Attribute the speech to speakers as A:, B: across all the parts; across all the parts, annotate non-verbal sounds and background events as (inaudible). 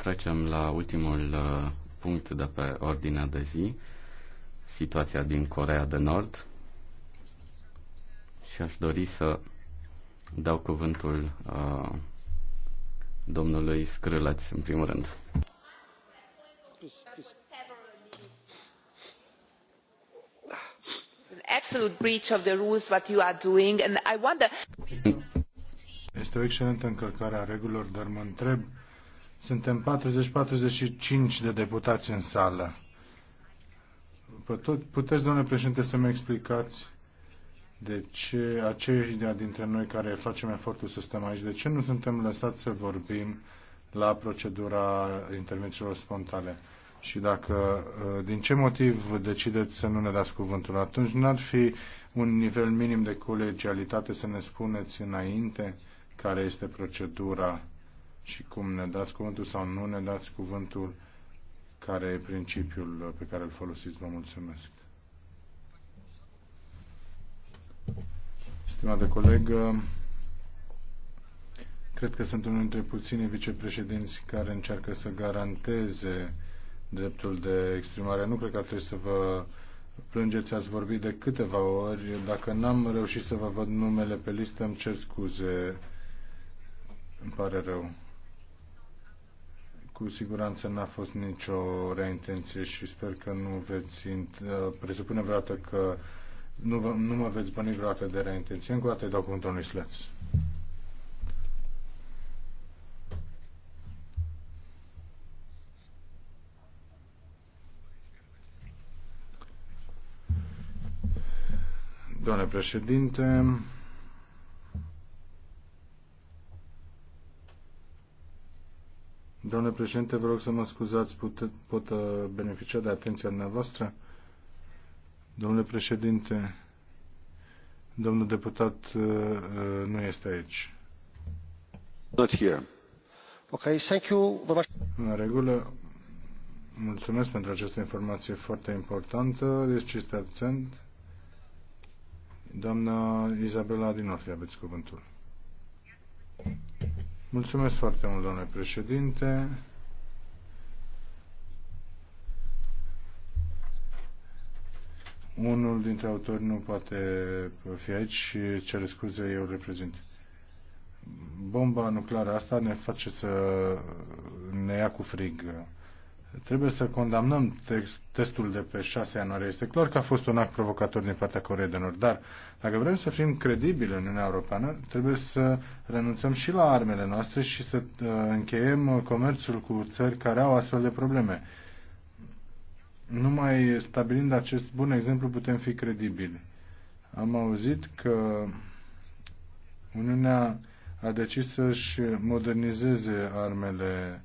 A: trecem la ultimul uh, punct de pe ordinea de zi, situația din Corea de Nord. Și aș dori să dau cuvântul uh, domnului Scrâlăț, în primul rând.
B: absolute breach of the rules what you are doing and I wonder
C: Este o excelentă încălcare a regulilor, dar mă întreb suntem 40-45 de deputați în sală. Puteți, domnule președinte, să-mi explicați de ce acei dintre noi care facem efortul să stăm aici, de ce nu suntem lăsați să vorbim la procedura intervențiilor spontane? Și dacă, uh, din ce motiv decideți să nu ne dați cuvântul, atunci n-ar fi un nivel minim de colegialitate să ne spuneți înainte care este procedura și cum ne dați cuvântul sau nu ne dați cuvântul, care e principiul pe care îl folosiți. Vă mulțumesc. Stimate coleg, cred că sunt unul dintre puținii vicepreședinți care încearcă să garanteze dreptul de exprimare. Nu cred că ar trebui să vă plângeți, ați vorbit de câteva ori. Dacă n-am reușit să vă văd numele pe listă, îmi cer scuze. Îmi pare rău cu siguranță n-a fost nicio reintenție intenție și sper că nu veți uh, presupune vreodată că nu, vă, nu mă veți băni vreodată de reintenție. intenție. Încă o dată îi dau cuvântul unui sleț. Doamne președinte, Domnule președinte, vă rog să mă scuzați, pot, pot uh, beneficia de atenția dumneavoastră? Domnule președinte, domnul deputat uh, uh, nu este aici. Not here. Okay, thank you. În regulă, mulțumesc pentru această informație foarte importantă. Deci este absent. Doamna Izabela Dinorfi, aveți cuvântul. Mulțumesc foarte mult, domnule președinte. Unul dintre autori nu poate fi aici și cele scuze eu reprezint. Bomba nucleară asta ne face să ne ia cu frig. Trebuie să condamnăm text, testul de pe 6 ianuarie. Este clar că a fost un act provocator din partea Coreei de Nord, dar dacă vrem să fim credibili în Uniunea Europeană, trebuie să renunțăm și la armele noastre și să uh, încheiem comerțul cu țări care au astfel de probleme. Numai stabilind acest bun exemplu putem fi credibili. Am auzit că Uniunea a decis să-și modernizeze armele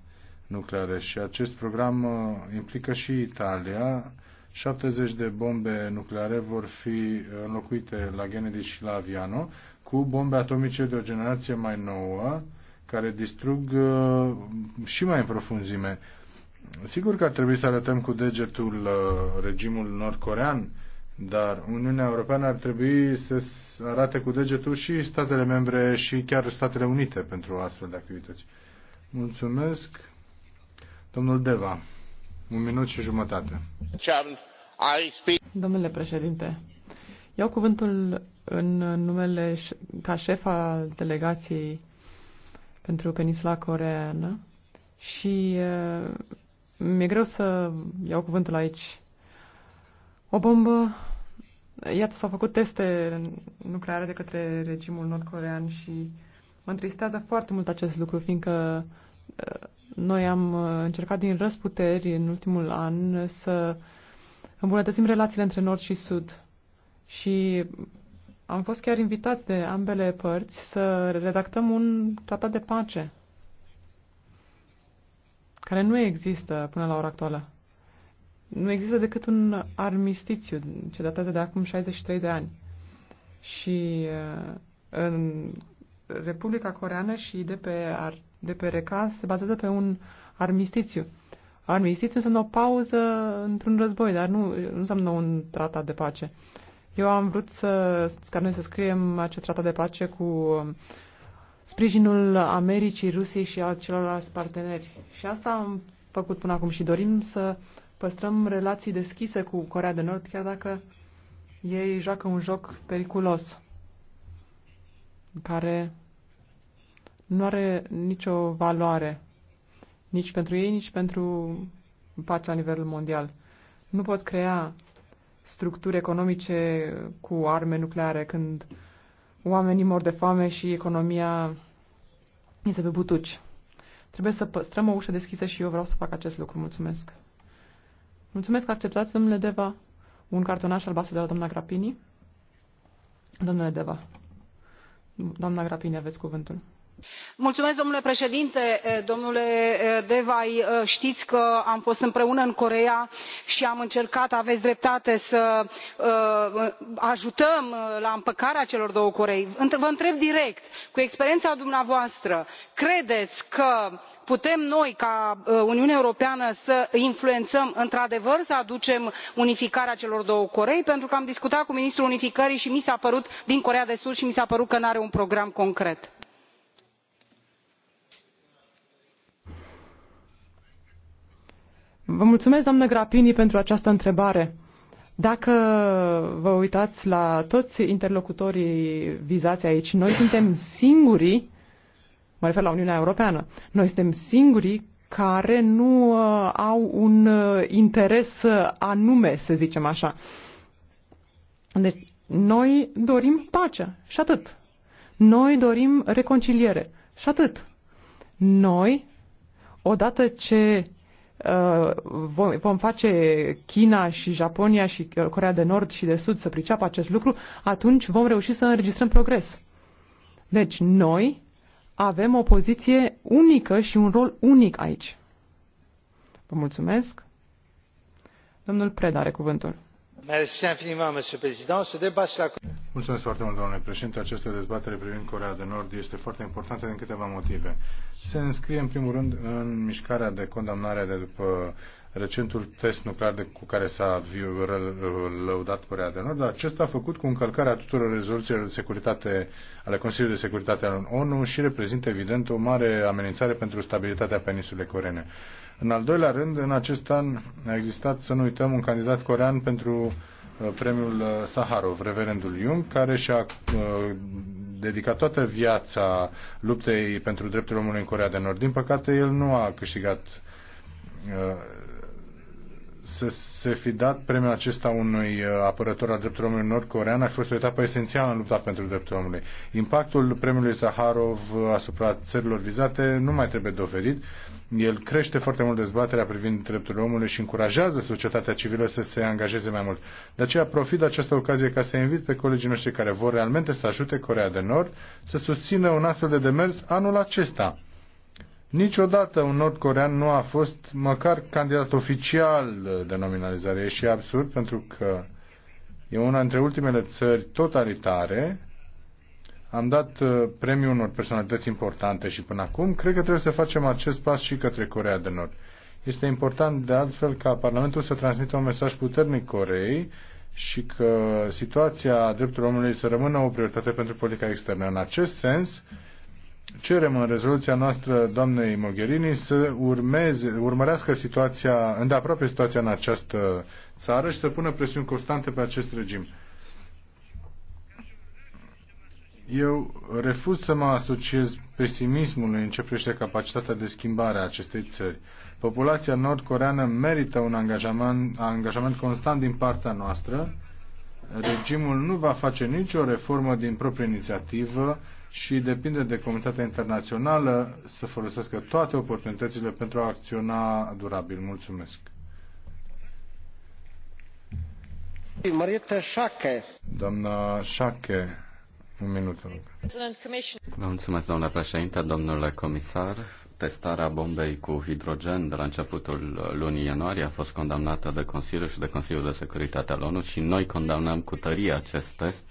C: nucleare și acest program uh, implică și Italia. 70 de bombe nucleare vor fi uh, înlocuite la Kennedy și la Aviano cu bombe atomice de o generație mai nouă care distrug uh, și mai în profunzime. Sigur că ar trebui să arătăm cu degetul regimul nord dar Uniunea Europeană ar trebui să arate cu degetul și statele membre și chiar Statele Unite pentru astfel de activități. Mulțumesc! Domnul Deva, un minut și jumătate.
B: Domnule președinte, iau cuvântul în numele ca șef al delegației pentru peninsula coreeană și uh, mi-e greu să iau cuvântul aici. O bombă, iată, s-au făcut teste nucleare de către regimul nord-corean și mă întristează foarte mult acest lucru, fiindcă uh, noi am uh, încercat din răsputeri în ultimul an să îmbunătățim relațiile între Nord și Sud și am fost chiar invitați de ambele părți să redactăm un tratat de pace care nu există până la ora actuală. Nu există decât un armistițiu ce datează de acum 63 de ani. Și uh, în Republica Coreană și IDP ar de pe RECA se bazează pe un armistițiu. Armistițiu înseamnă o pauză într-un război, dar nu, nu înseamnă un tratat de pace. Eu am vrut să, ca noi să scriem acest tratat de pace cu sprijinul Americii, Rusiei și a celorlalți parteneri. Și asta am făcut până acum și dorim să păstrăm relații deschise cu Corea de Nord, chiar dacă ei joacă un joc periculos care nu are nicio valoare nici pentru ei, nici pentru pacea la nivel mondial. Nu pot crea structuri economice cu arme nucleare când oamenii mor de foame și economia este pe butuci. Trebuie să păstrăm o ușă deschisă și eu vreau să fac acest lucru. Mulțumesc. Mulțumesc că acceptați, domnule Deva, un cartonaș albastru de la doamna Grapini. Domnule Deva, doamna Grapini, aveți cuvântul domnule președinte eh, domnule eh, deva eh, știți că am fost împreună în coreea și am încercat aveți dreptate să ajutăm la împăcarea celor două corei. vă întreb direct cu experiența dumneavoastră credeți că putem noi ca uniune europeană să influențăm într adevăr să aducem unificarea celor două corei pentru că am discutat cu ministrul unificării din coreea de sud și mi s a părut că nu are un program concret? Vă mulțumesc, doamnă Grapini, pentru această întrebare. Dacă vă uitați la toți interlocutorii vizați aici, noi suntem singurii, mă refer la Uniunea Europeană, noi suntem singurii care nu uh, au un uh, interes uh, anume, să zicem așa. Deci, noi dorim pace, și atât. Noi dorim reconciliere și atât. Noi, odată ce Uh, vom face China și Japonia și Corea de Nord și de Sud să priceapă acest lucru, atunci vom reuși să înregistrăm progres. Deci noi avem o poziție unică și un rol unic aici. Vă mulțumesc. Domnul Preda are cuvântul.
C: Mersi infiniment, monsieur président. Ce débat sur la Mulțumesc foarte mult, domnule președinte. Această dezbatere privind Corea de Nord este foarte importantă din câteva motive. Se înscrie, în primul rând, în mișcarea de condamnare de după recentul test nuclear de, cu care s-a lăudat Corea de Nord, dar acesta a făcut cu încălcarea tuturor rezoluțiilor de securitate ale Consiliului de Securitate al ONU și reprezintă, evident, o mare amenințare pentru stabilitatea peninsulei coreene. În al doilea rând, în acest an a existat, să nu uităm, un candidat corean pentru Uh, premiul uh, Saharov, reverendul Jung, care și-a uh, dedicat toată viața luptei pentru drepturile omului în Corea de Nord. Din păcate, el nu a câștigat să se fi dat premiul acesta unui uh, apărător al drepturilor omului nord-corean a fost o etapă esențială în lupta pentru drepturile omului. Impactul premiului Saharov uh, asupra țărilor vizate nu mai trebuie dovedit. El crește foarte mult dezbaterea privind drepturile omului și încurajează societatea civilă să se angajeze mai mult. De aceea profit de această ocazie ca să invit pe colegii noștri care vor realmente să ajute Corea de Nord să susțină un astfel de demers anul acesta Niciodată un nord-corean nu a fost măcar candidat oficial de nominalizare. E și absurd pentru că e una dintre ultimele țări totalitare. Am dat uh, premiul unor personalități importante și până acum cred că trebuie să facem acest pas și către Corea de Nord. Este important de altfel ca Parlamentul să transmită un mesaj puternic Coreei și că situația drepturilor omului să rămână o prioritate pentru politica externă. În acest sens, cerem în rezoluția noastră doamnei Mogherini să urmeze, urmărească situația, îndeaproape situația în această țară și să pună presiuni constante pe acest regim. Eu refuz să mă asociez pesimismului în ce privește capacitatea de schimbare a acestei țări. Populația nord-coreană merită un angajament, angajament constant din partea noastră. Regimul nu va face nicio reformă din proprie inițiativă și depinde de comunitatea internațională să folosească toate oportunitățile pentru a acționa durabil. Mulțumesc. Doamna Șache, un minut.
A: Vă mulțumesc, doamna președinte, domnule comisar. Testarea bombei cu hidrogen de la începutul lunii ianuarie a fost condamnată de Consiliul și de Consiliul de Securitate al ONU și noi condamnăm cu tărie acest test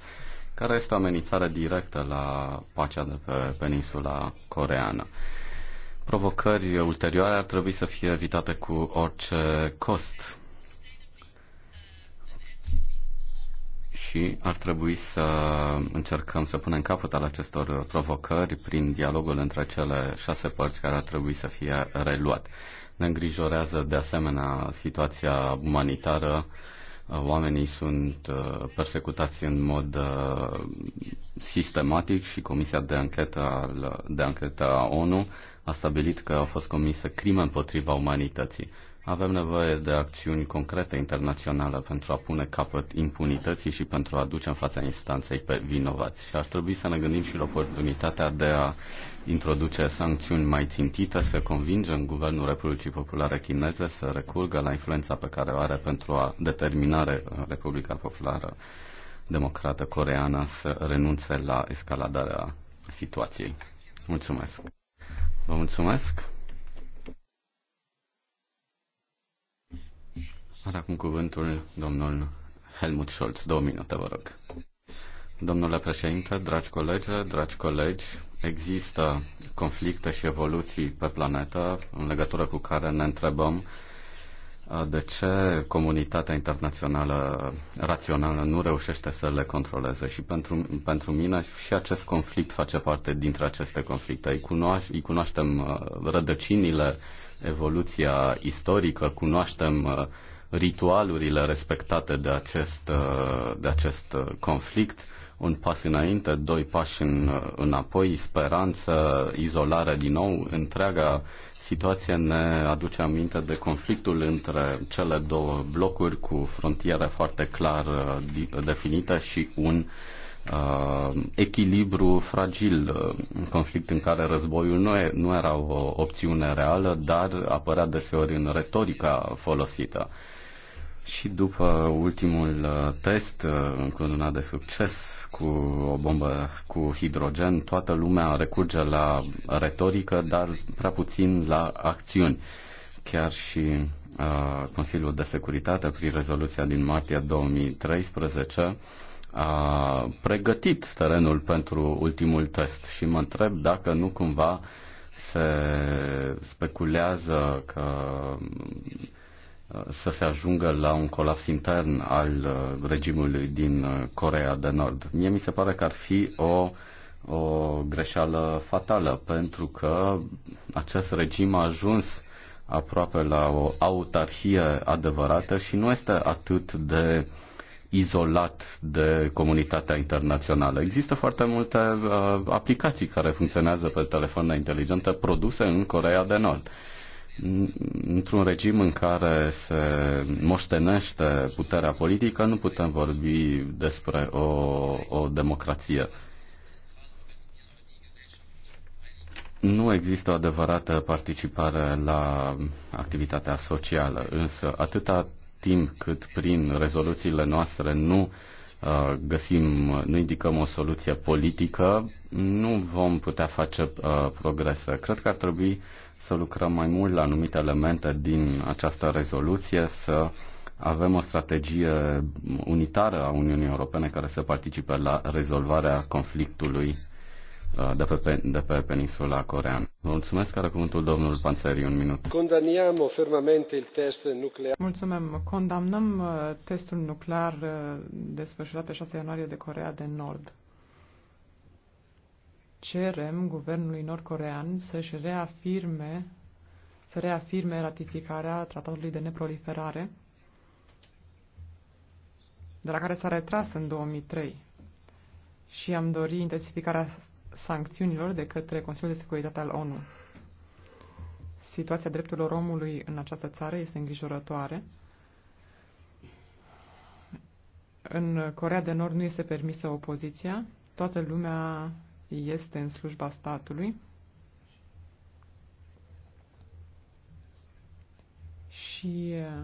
A: care este o amenințare directă la pacea de pe peninsula coreană. Provocări ulterioare ar trebui să fie evitate cu orice cost. și ar trebui să încercăm să punem capăt al acestor provocări prin dialogul între cele șase părți care ar trebui să fie reluat. Ne îngrijorează de asemenea situația umanitară oamenii sunt uh, persecutați în mod uh, sistematic și Comisia de Anchetă, de anchetă a ONU a stabilit că au fost comise crime împotriva umanității. Avem nevoie de acțiuni concrete internaționale pentru a pune capăt impunității și pentru a aduce în fața instanței pe vinovați. Și ar trebui să ne gândim și la oportunitatea de a introduce sancțiuni mai țintite, să convingem Guvernul Republicii Populare Chineze să recurgă la influența pe care o are pentru a determina Republica Populară Democrată Coreană să renunțe la escaladarea situației. Mulțumesc! Vă mulțumesc! acum cuvântul domnul Helmut Scholz. Două minute, vă rog. Domnule președinte, dragi colegi, dragi colegi, există conflicte și evoluții pe planetă în legătură cu care ne întrebăm uh, de ce comunitatea internațională rațională nu reușește să le controleze și pentru, pentru mine și acest conflict face parte dintre aceste conflicte. Îi, cunoaș, îi cunoaștem uh, rădăcinile, evoluția istorică, cunoaștem uh, ritualurile respectate de acest, uh, de acest uh, conflict, un pas înainte, doi pași în, uh, înapoi, speranță, izolare din nou, întreaga situație ne aduce aminte de conflictul între cele două blocuri cu frontiere foarte clar definite și un uh, echilibru fragil, un conflict în care războiul nu, e, nu era o opțiune reală, dar apărea deseori în retorica folosită. Uh, și după ultimul uh, test uh, încununat de succes cu o bombă cu hidrogen, toată lumea recurge la retorică, dar prea puțin la acțiuni. Chiar și uh, Consiliul de Securitate, prin rezoluția din martie 2013, a pregătit terenul pentru ultimul test și mă întreb dacă nu cumva se speculează că să se ajungă la un colaps intern al uh, regimului din uh, Corea de Nord. Mie mi se pare că ar fi o, o greșeală fatală, pentru că acest regim a ajuns aproape la o autarhie adevărată și nu este atât de izolat de comunitatea internațională. Există foarte multe uh, aplicații care funcționează pe telefoane inteligente produse în Corea de Nord. Uh, Într-un regim în care se moștenește puterea politică, nu putem vorbi despre o, o democrație. Nu există o adevărată participare la activitatea socială, însă atâta timp cât prin rezoluțiile noastre nu uh, găsim, nu indicăm o soluție politică, nu vom putea face uh, progrese. Cred că ar trebui uh, să lucrăm mai mult la anumite elemente din această rezoluție, să avem o strategie unitară a Uniunii Europene care să participe la rezolvarea conflictului uh, de pe, de pe peninsula coreană. Vă mulțumesc, are cuvântul domnul Panțeri, un minut.
D: Condamniamo fermamente il test nuclear.
B: Mulțumim. Condamnăm uh, testul nuclear uh, desfășurat pe 6 ianuarie de Corea de Nord cerem guvernului nordcorean să-și reafirme, să reafirme ratificarea tratatului de neproliferare, de la care s-a retras în 2003 și am dorit intensificarea sancțiunilor de către Consiliul de Securitate al ONU. Situația drepturilor omului în această țară este îngrijorătoare. În Corea de Nord nu este permisă opoziția. Toată lumea este în slujba statului și uh,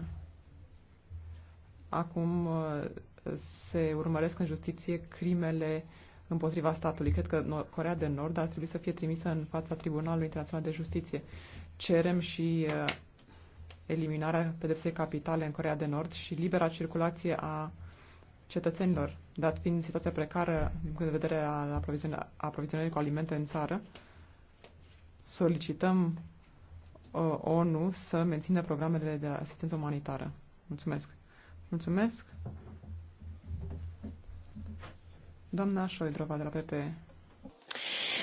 B: acum uh, se urmăresc în justiție crimele împotriva statului. Cred că Corea de Nord ar trebui să fie trimisă în fața Tribunalului Internațional de Justiție. Cerem și uh, eliminarea pedepsei capitale în Corea de Nord și libera circulație a cetățenilor, dat fiind situația precară din punct de vedere al aprovizionării cu alimente în țară, solicităm uh, ONU să mențină programele de asistență umanitară. Mulțumesc. Mulțumesc. Doamna Șoidrova de la PP.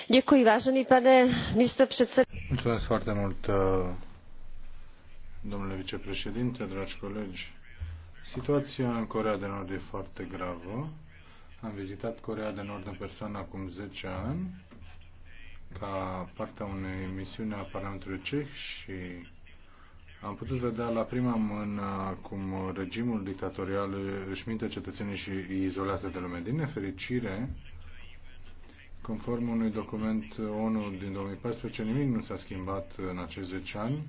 B: Děkuji,
D: vážený pane
C: Mulțumesc foarte mult, uh, domnule vicepreședinte, dragi colegi. Situația în Corea de Nord e foarte gravă. Am vizitat Corea de Nord în persoană acum 10 ani ca partea unei misiuni a Parlamentului Ceh și am putut vedea la prima mână cum regimul dictatorial își minte cetățenii și îi izolează de lume. Din nefericire, conform unui document ONU din 2014, nimic nu s-a schimbat în acești 10 ani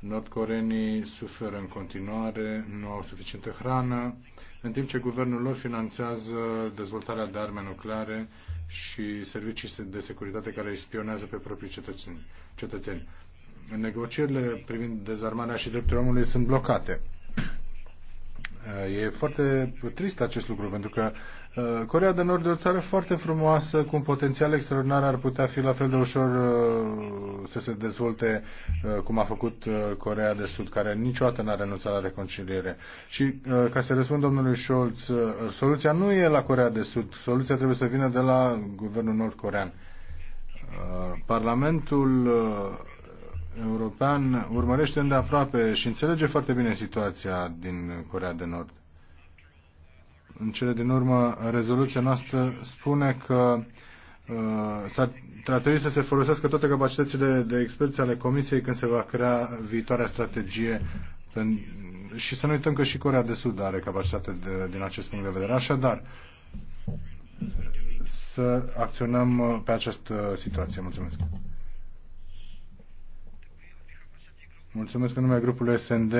C: Nordcoreenii suferă în continuare, nu au suficientă hrană, în timp ce guvernul lor finanțează dezvoltarea de arme nucleare și servicii de securitate care îi spionează pe proprii cetățeni. cetățeni. Negocierile privind dezarmarea și drepturile omului sunt blocate. E foarte trist acest lucru, pentru că uh, Corea de Nord e o țară foarte frumoasă, cu un potențial extraordinar, ar putea fi la fel de ușor uh, să se dezvolte uh, cum a făcut Corea de Sud, care niciodată n-a renunțat la reconciliere. Și ca să răspund domnului Scholz, soluția nu e la Corea de Sud, soluția trebuie să vină de la guvernul nord-corean. Parlamentul European urmărește îndeaproape și înțelege foarte bine situația din Corea de Nord. În cele din urmă, rezoluția noastră spune că uh, ar trebui să se folosească toate capacitățile de experți ale Comisiei când se va crea viitoarea strategie și să nu uităm că și Corea de Sud are capacitate de, din acest punct de vedere. Așadar, să acționăm pe această situație. Mulțumesc. Mulțumesc în numele grupului SND.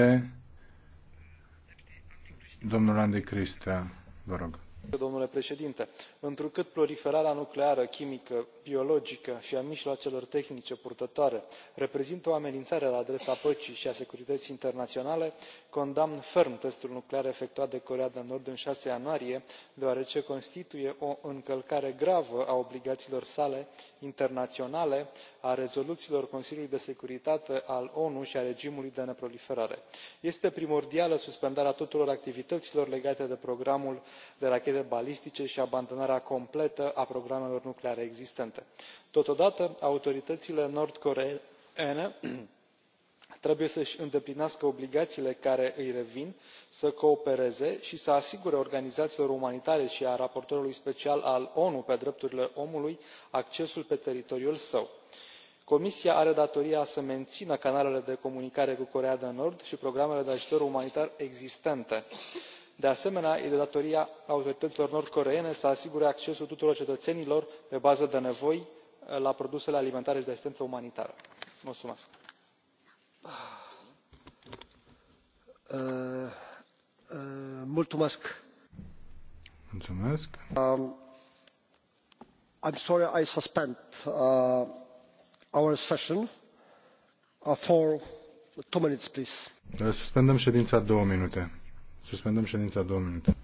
C: Domnul Andy Cristea, vă rog.
D: Domnule președinte, întrucât proliferarea nucleară, chimică, biologică și a mijloacelor tehnice purtătoare reprezintă o amenințare la adresa păcii și a securității internaționale, condamn ferm testul nuclear efectuat de Coreea de Nord în 6 ianuarie, deoarece constituie o încălcare gravă a obligațiilor sale internaționale, a rezoluțiilor consiliului de securitate al onu și a regimului de neproliferare. este primordială suspendarea tuturor activităților legate de programul de rachete balistice și abandonarea completă a programelor nucleare existente. totodată autoritățile nord coreeene (clears throat) trebuie să își îndeplinească obligațiile care îi revin să coopereze și să asigure organizațiilor umanitare și raportorului special al onu pe drepturile omului accesul pe teritoriul său comisia are datoria să mențină canalele de comunicare cu coreea de nord și programele de ajutor umanitar existente. de asemenea este de datoria autorităților nord coreene să asigure accesul tuturor cetățenilor pe bază de nevoi eh, la produsele alimentare și de asistență umanitară. mulțumesc. Eh, eh, mulțumesc. Um, Uh,
C: suspendăm ședința două minute. suspendăm ședința două minute.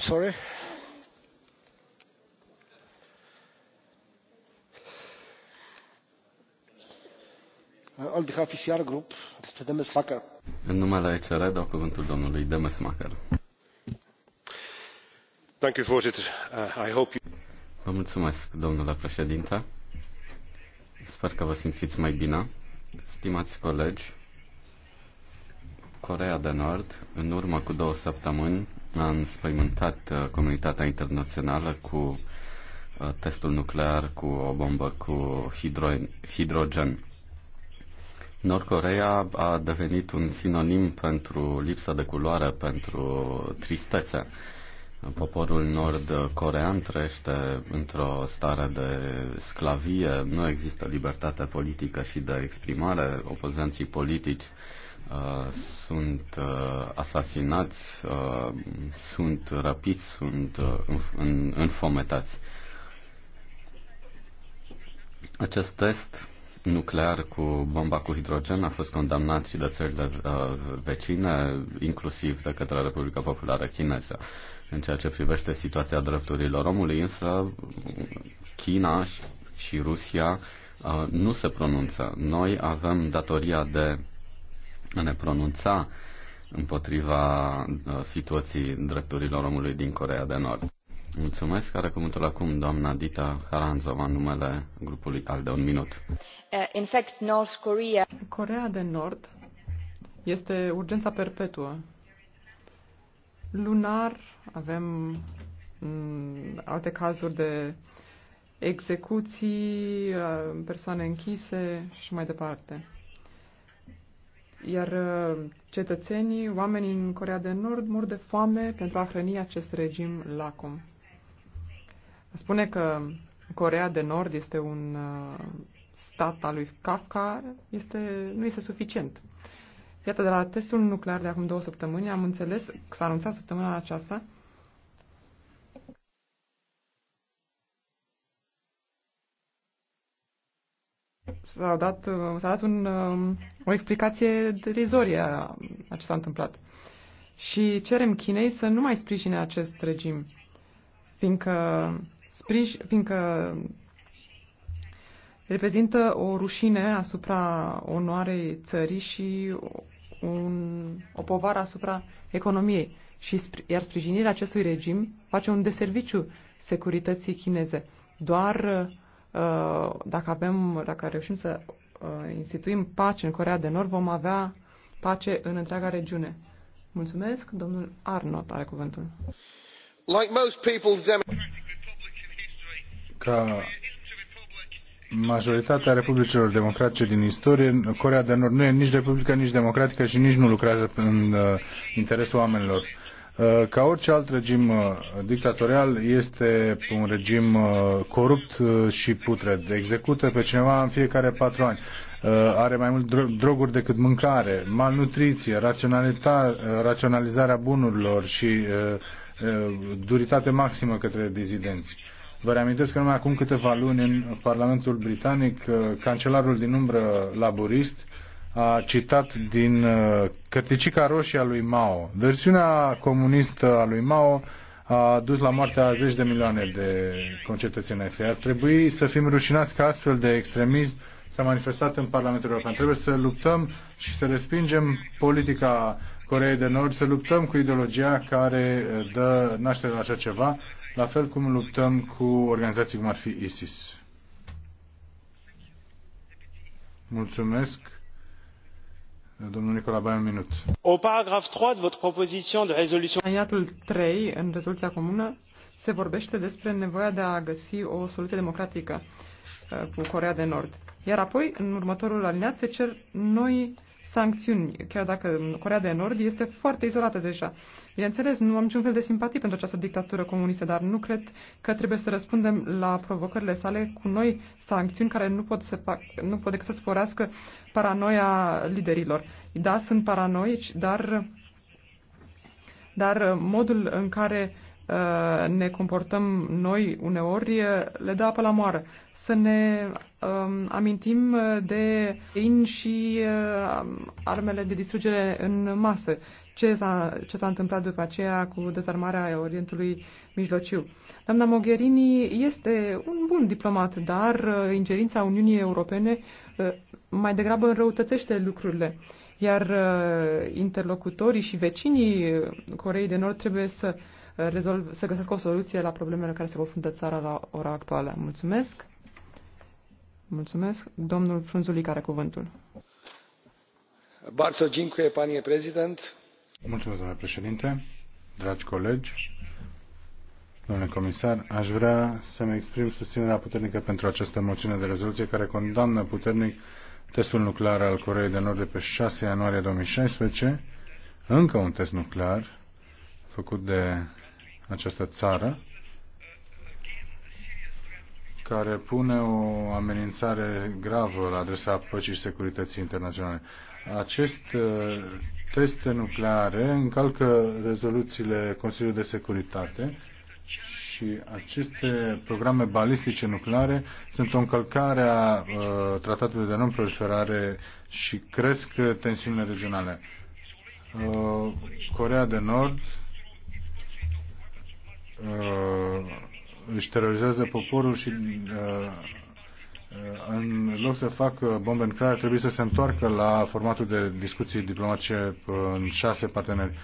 D: sorry. Uh,
A: în numele ECR dau cuvântul domnului Demesmacher. Thank
C: you, voorzitter. Uh, I hope you...
A: Vă mulțumesc, domnule președinte. Sper că vă simțiți mai bine. Stimați colegi, Corea de Nord, în urmă cu două săptămâni, a înspăimântat uh, comunitatea internațională cu uh, testul nuclear cu o bombă cu hidro- hidrogen. Nord-Corea a devenit un sinonim pentru lipsa de culoare, pentru tristețe. Poporul nord-corean trăiește într-o stare de sclavie, nu există libertate politică și de exprimare, opozanții politici uh, Uh, sunt uh, asasinați, uh, sunt răpiți, sunt înfometați. Acest test nuclear cu bomba cu hidrogen a fost condamnat și de țările vecine, inclusiv de către Republica Populară Chineză. În ceea ce privește situația drepturilor omului, însă China și Rusia nu se pronunță. Noi avem datoria de a ne pronunța împotriva uh, situației drepturilor omului din Corea de Nord. Mulțumesc. Are cuvântul acum doamna Dita Haranzova în numele grupului al de Un minut. Uh, in fact, North Korea...
B: Corea de Nord este urgența perpetuă. Lunar avem mm, alte cazuri de execuții, uh, persoane închise și mai departe iar uh, cetățenii, oamenii în Corea de Nord mor de foame pentru a hrăni acest regim lacom. Spune că Corea de Nord este un uh, stat al lui Kafka, este, nu este suficient. Iată, de la testul nuclear de acum două săptămâni am înțeles, s-a anunțat săptămâna aceasta, s-a dat, s-a dat un, um, o explicație derizorie a, a ce s-a întâmplat. Și cerem Chinei să nu mai sprijine acest regim, fiindcă, sprij, fiindcă reprezintă o rușine asupra onoarei țării și un, o povară asupra economiei. Și, iar sprijinirea acestui regim face un deserviciu securității chineze. Doar Uh, dacă, avem, dacă reușim să uh, instituim pace în Corea de Nord, vom avea pace în întreaga regiune. Mulțumesc. Domnul Arnott are cuvântul.
A: Like most people's
C: ca majoritatea republicilor democratice din istorie, Corea de Nord nu e nici republică, nici democratică și nici nu lucrează în uh, interesul oamenilor. Uh, ca orice alt regim uh, dictatorial, este un regim uh, corupt și putred. Execută pe cineva în fiecare patru ani. Are mai mult droguri decât mâncare, malnutriție, raționalizarea bunurilor și duritate maximă către dizidenți. Vă reamintesc că numai acum câteva luni în Parlamentul Britanic, cancelarul din umbră laborist a citat din uh, Cărticica Roșie a lui Mao. Versiunea comunistă a lui Mao a dus la moartea zeci de milioane de concetățeni ai săi. Ar trebui să fim rușinați că astfel de extremism s-a manifestat în Parlamentul European. Trebuie să luptăm și să respingem politica Coreei de Nord, să luptăm cu ideologia care uh, dă naștere la așa ceva, la fel cum luptăm cu organizații cum ar fi ISIS. Mulțumesc. Domnul Nicola
B: 3 de în rezoluția comună, se vorbește despre nevoia de a găsi o soluție democratică uh, cu Corea de Nord. Iar apoi, în următorul alineat, se cer noi sancțiuni, chiar dacă Corea de Nord este foarte izolată deja. Bineînțeles, nu am niciun fel de simpatie pentru această dictatură comunistă, dar nu cred că trebuie să răspundem la provocările sale cu noi sancțiuni care nu pot, să fac, nu pot decât să sporească paranoia liderilor. Da, sunt paranoici, dar, dar modul în care uh, Uh, ne comportăm noi uneori uh, le dă apă la moară. Să ne um, amintim uh, de in și armele de distrugere în masă. Ce s-a, ce s-a întâmplat după aceea cu dezarmarea Orientului Mijlociu. Doamna Mogherini este un bun diplomat, dar uh, ingerința Uniunii Europene uh, mai degrabă înrăutățește lucrurile iar interlocutorii și vecinii Coreei de Nord trebuie să uh, rezolv, să găsească o soluție la problemele care se confruntă țara la ora actuală. Mulțumesc! Mulțumesc! Domnul Frunzulic are cuvântul.
D: Barso Gincuie, panie prezident.
C: Mulțumesc, domnule președinte, dragi colegi, domnule comisar. Aș vrea să-mi exprim susținerea puternică pentru această moțiune de rezoluție care condamnă puternic testul nuclear al Coreei de Nord de pe 6 ianuarie 2016, încă un test nuclear făcut de în această țară care pune o amenințare gravă la adresa păcii și securității internaționale. Aceste uh, teste nucleare încalcă rezoluțiile Consiliului de Securitate și aceste programe balistice nucleare sunt o încălcare a uh, tratatului de non-proliferare și cresc tensiunile regionale. Uh, Corea de Nord uh, își terorizează poporul și uh, uh, în loc să facă bombe în care trebuie să se întoarcă la formatul de discuții diplomatice uh, în șase parteneri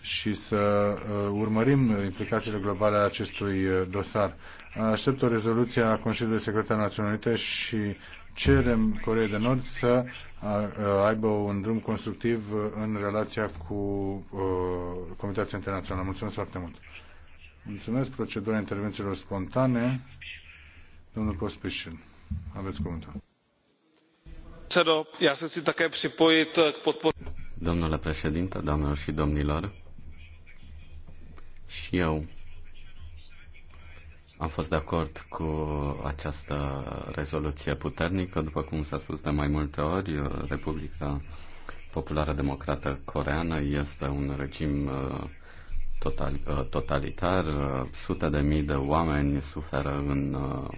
C: și să uh, urmărim implicațiile globale ale acestui dosar. Aștept o rezoluție a Consiliului de Secretar Națiunilor Unite și cerem Coreei de Nord să aibă un drum constructiv în relația cu Comitația Internațională. Mulțumesc foarte mult! Mulțumesc. Procedura intervențiilor spontane. Domnul Pospișin, aveți cuvântul.
A: Domnule președinte, doamnelor și domnilor, și eu am fost de acord cu această rezoluție puternică, după cum s-a spus de mai multe ori, Republica Populară Democrată Coreană este un regim uh, total, uh, totalitar. Sute de mii de oameni suferă în, uh,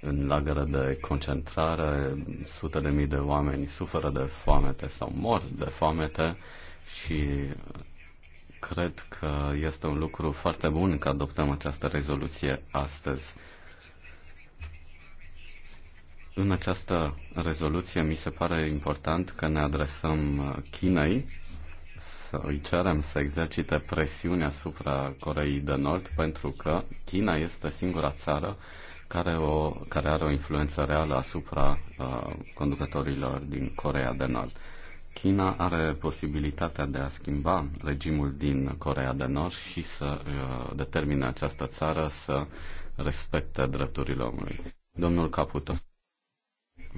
A: în lagără de concentrare, sute de mii de oameni suferă de foamete sau mor de foamete și cred că este un lucru foarte bun că adoptăm această rezoluție astăzi. În această rezoluție mi se pare important că ne adresăm Chinei să îi cerem să exercite presiune asupra Coreei de Nord pentru că China este singura țară care, o, care are o influență reală asupra uh, conducătorilor din Corea de Nord. China are posibilitatea de a schimba regimul din Corea de Nord și să uh, determine această țară să respecte drepturile omului. Domnul Caputo.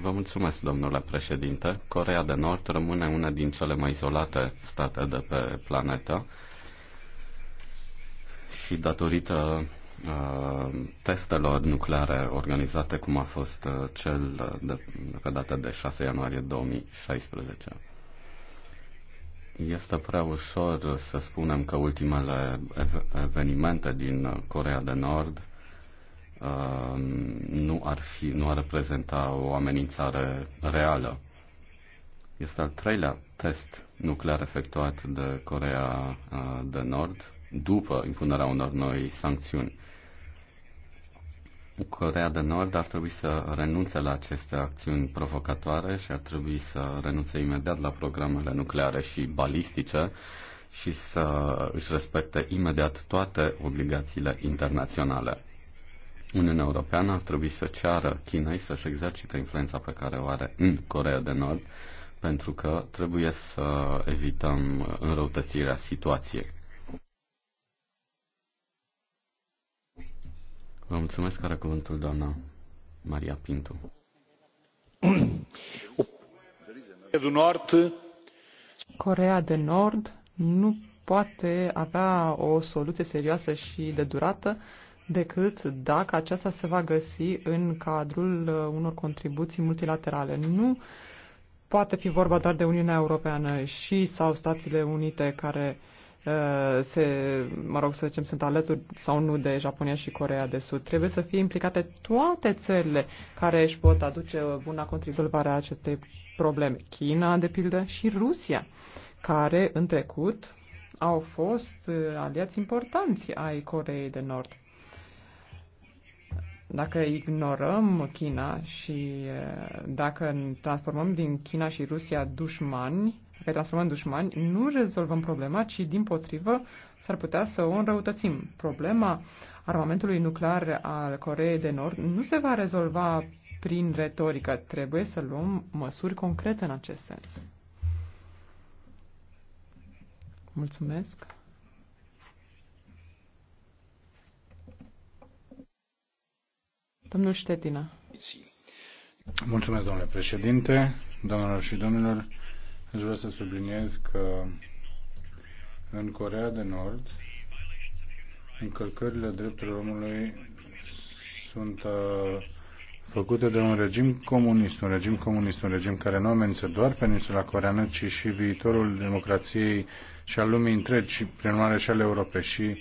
A: Vă mulțumesc, domnule președinte. Corea de Nord rămâne una din cele mai izolate state de pe planetă și datorită uh, testelor nucleare organizate, cum a fost uh, cel de, pe data de 6 ianuarie 2016. Este prea ușor să spunem că ultimele evenimente din Corea de Nord Um, nu ar, fi, nu ar reprezenta o amenințare reală. Este al treilea test nuclear efectuat de Corea uh, de Nord după impunerea unor noi sancțiuni. Corea de Nord ar trebui să renunțe la aceste acțiuni provocatoare și ar trebui să renunțe imediat la programele nucleare și balistice și să își respecte imediat toate obligațiile internaționale. Uniunea Europeană ar trebui să ceară Chinei să-și exercite influența pe care o are în Corea de Nord, pentru că trebuie să evităm înrăutățirea situației. Vă mulțumesc, are cuvântul doamna Maria Pintu.
B: Corea de Nord nu poate avea o soluție serioasă și de durată decât dacă aceasta se va găsi în cadrul uh, unor contribuții multilaterale. Nu poate fi vorba doar de Uniunea Europeană și sau Statele Unite care uh, se, mă rog să zicem, sunt alături sau nu de Japonia și Corea de Sud. Trebuie să fie implicate toate țările care își pot aduce uh, buna contribuție acestei probleme. China, de pildă, și Rusia, care în trecut au fost aliați importanți ai Coreei de Nord. Dacă ignorăm China și dacă transformăm din China și Rusia dușmani, dacă transformăm dușmani, nu rezolvăm problema, ci din potrivă s-ar putea să o înrăutățim. Problema armamentului nuclear al Coreei de Nord nu se va rezolva prin retorică. Trebuie să luăm măsuri concrete în acest sens. Mulțumesc. Domnul
C: Mulțumesc, domnule președinte, domnilor și domnilor. Aș vrea să subliniez că în Corea de Nord încălcările drepturilor omului sunt uh, făcute de un regim comunist, un regim comunist, un regim care nu amenință doar peninsula coreană, ci și viitorul democrației și al lumii întregi, și, prin urmare, și al Europei. Și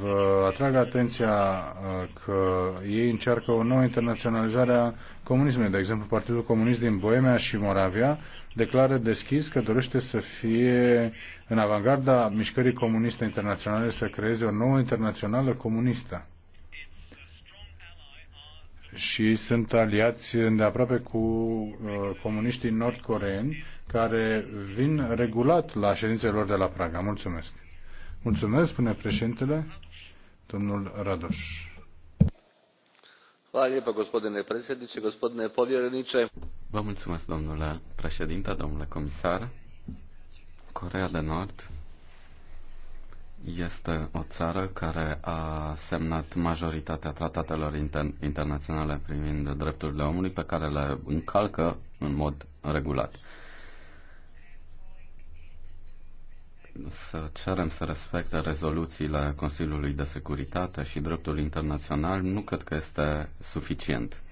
C: vă atrag atenția uh, că ei încearcă o nouă internaționalizare a comunismului. De exemplu, Partidul Comunist din Boemia și Moravia declară deschis că dorește să fie în avangarda mișcării comuniste internaționale să creeze o nouă internațională comunistă. Și sunt aliați îndeaproape cu uh, comuniștii nord-coreeni care vin regulat la ședințele lor de la Praga. Mulțumesc! Mulțumesc, spune președintele, domnul Radoș. gospodine predsjedniče, gospodine povjereniče.
A: Vă mulțumesc, domnule președinte, domnule comisar. Corea de Nord este o țară care a semnat majoritatea tratatelor inter- internaționale privind drepturile omului pe care le încalcă în mod regulat. să cerem să respecte rezoluțiile Consiliului de Securitate și dreptul internațional nu cred că este suficient.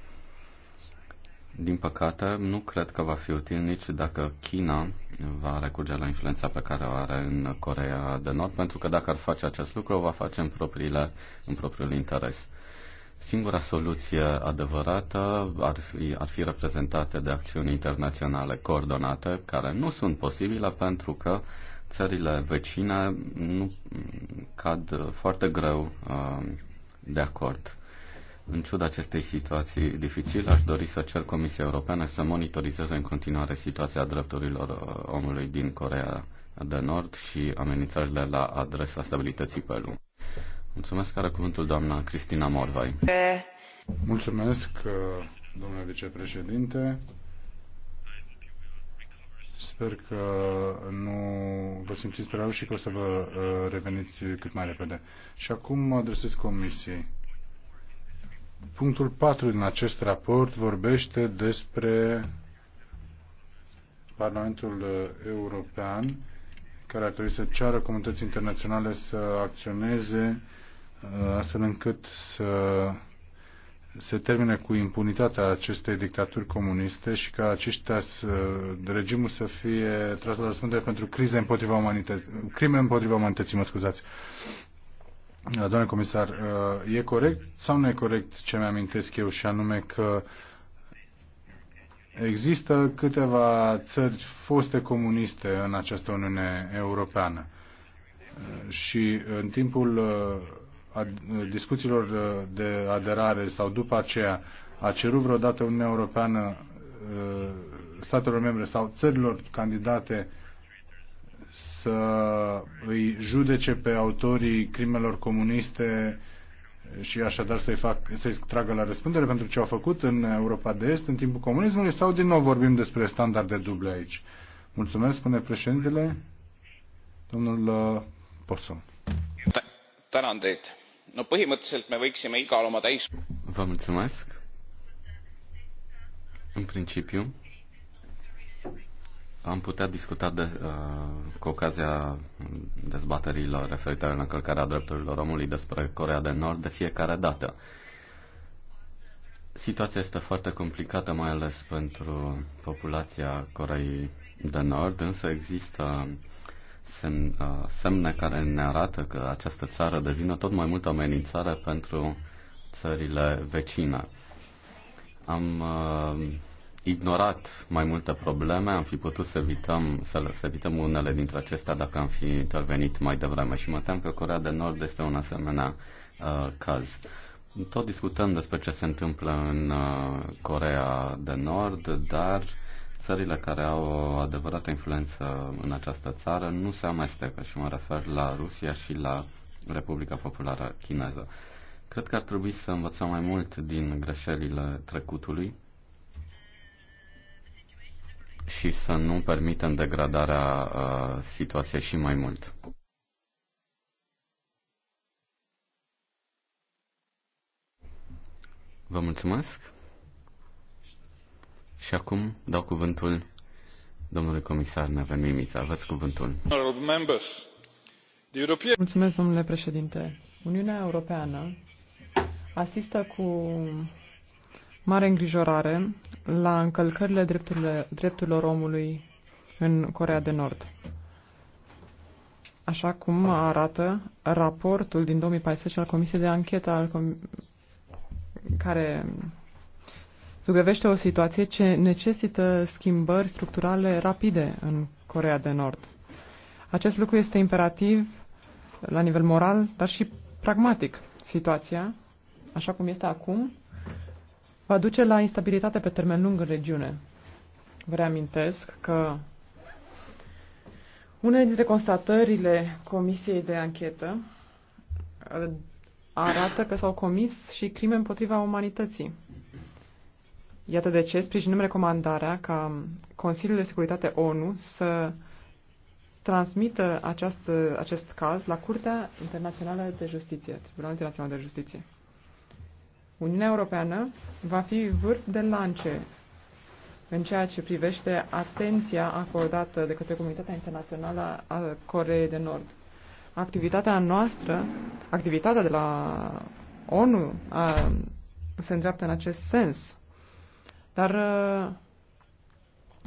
A: Din păcate, nu cred că va fi util nici dacă China va recurge la influența pe care o are în Corea de Nord, pentru că dacă ar face acest lucru, o va face în, propriile, în propriul interes. Singura soluție adevărată ar fi, ar fi reprezentate de acțiuni internaționale coordonate, care nu sunt posibile pentru că țările vecine nu cad foarte greu uh, de acord. În ciuda acestei situații dificile, aș dori să cer Comisiei Europene să monitorizeze în continuare situația drepturilor uh, omului din Corea de Nord și amenințările la adresa stabilității pe lume. Mulțumesc, are cuvântul doamna Cristina Morvai. Mulțumesc,
C: uh, domnule
A: vicepreședinte. Sper că
C: nu vă simțiți prea și că o să vă uh, reveniți cât mai repede. Și acum mă adresez Comisiei. Punctul 4 din acest raport vorbește despre Parlamentul uh, European care ar trebui să ceară comunității internaționale să acționeze uh, astfel încât să se termine cu impunitatea acestei dictaturi comuniste și ca aceștia să, regimul să fie tras la răspundere pentru crize împotriva umanității, crime împotriva umanității, mă scuzați. Doamne comisar, uh, e corect sau nu e corect ce mi-amintesc eu și anume că există câteva țări foste comuniste în această Uniune Europeană uh, și în timpul uh, discuțiilor uh, de aderare sau după aceea a cerut vreodată Uniunea Europeană uh, statelor membre sau țărilor candidate să îi judece pe autorii crimelor comuniste și așadar să-i, fac, să-i tragă la răspundere pentru ce au făcut în Europa de Est în timpul comunismului sau din nou vorbim despre standarde duble aici? Mulțumesc, spune președintele, domnul uh, Poson.
A: Tänan no põhimõtteliselt me võiksime igal oma täis- Vă mulțumesc. În principiu, am putea discuta de, uh, cu ocazia dezbaterilor referitoare la încălcarea drepturilor omului despre Corea de Nord de fiecare dată. Situația este foarte complicată, mai ales pentru populația Coreei de Nord, însă există Uh, semne care ne arată că această țară devine tot mai multă amenințare pentru țările vecine. Am uh, ignorat mai multe probleme, am fi putut să evităm, să, să evităm unele dintre acestea dacă am fi intervenit mai devreme și mă tem că Corea de Nord este un asemenea uh, caz. Tot discutăm despre ce se întâmplă în uh, Corea de Nord, dar uh, Țările care au o adevărată influență în această țară nu se amestecă și mă refer la Rusia și la Republica Populară Chineză. Cred că ar trebui să învățăm mai mult din greșelile trecutului și să nu permitem degradarea uh, situației și mai mult. Vă mulțumesc! Și acum dau cuvântul domnului comisar Neven Mimița. Aveți cuvântul.
B: Mulțumesc, domnule președinte. Uniunea Europeană asistă cu mare îngrijorare la încălcările drepturilor omului în Corea de Nord. Așa cum arată raportul din 2014 al Comisiei de Anchetă al com- care zugrăvește o situație ce necesită schimbări structurale rapide în Corea de Nord. Acest lucru este imperativ la nivel moral, dar și pragmatic. Situația, așa cum este acum, va duce la instabilitate pe termen lung în regiune. Vă reamintesc că unele dintre constatările Comisiei de Anchetă uh, arată că s-au comis și crime împotriva umanității. Iată de ce sprijinim recomandarea ca Consiliul de Securitate ONU să transmită aceast, acest caz la Curtea Internațională de Justiție, Tribunalul Internațional de Justiție. Uniunea Europeană va fi vârf de lance în ceea ce privește atenția acordată de către comunitatea internațională a Coreei de Nord. Activitatea noastră, activitatea de la ONU a, se îndreaptă în acest sens. Dar uh,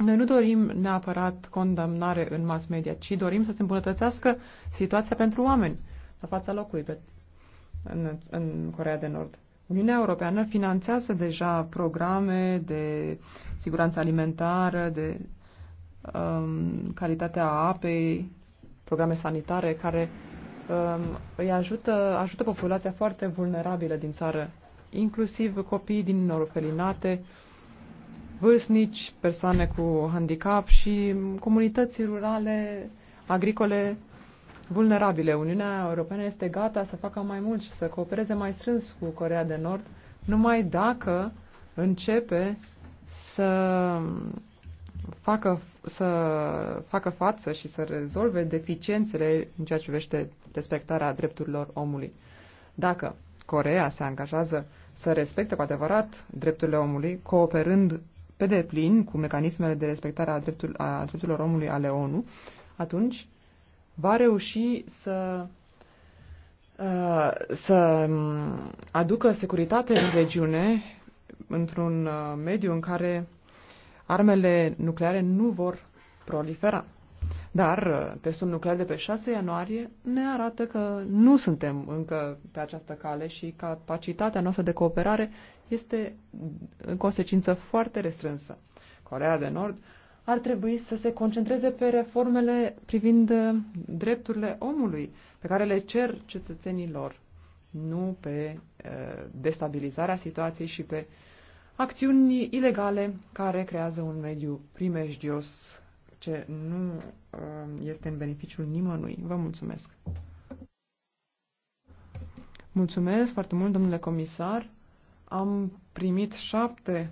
B: noi nu dorim neapărat condamnare în mass media, ci dorim să se îmbunătățească situația pentru oameni la fața locului pe, în, în Corea de Nord. Uniunea Europeană finanțează deja programe de siguranță alimentară, de um, calitatea apei, programe sanitare care um, îi ajută, ajută populația foarte vulnerabilă din țară, inclusiv copii din orfelinate, uh, vârstnici, persoane cu handicap și comunități rurale, agricole vulnerabile. Uniunea Europeană este gata să facă mai mult și să coopereze mai strâns cu Corea de Nord, numai dacă începe să facă, să facă față și să rezolve deficiențele în ceea ce privește respectarea drepturilor omului. Dacă Corea se angajează să respecte cu adevărat drepturile omului, cooperând pe deplin cu mecanismele de respectare a, dreptul, a drepturilor omului ale ONU, atunci va reuși să uh, să um, aducă securitate în regiune într-un uh, mediu în care armele nucleare nu vor prolifera. Dar uh, testul nuclear de pe 6 ianuarie ne arată că nu suntem încă pe această cale și capacitatea noastră de cooperare este în consecință foarte restrânsă. Corea de Nord ar trebui să se concentreze pe reformele privind uh, drepturile omului pe care le cer cetățenilor, nu pe uh, destabilizarea situației și pe acțiuni ilegale care creează un mediu primejdios ce nu uh, este în beneficiul nimănui. Vă mulțumesc! Mulțumesc foarte mult, domnule comisar! Am primit șapte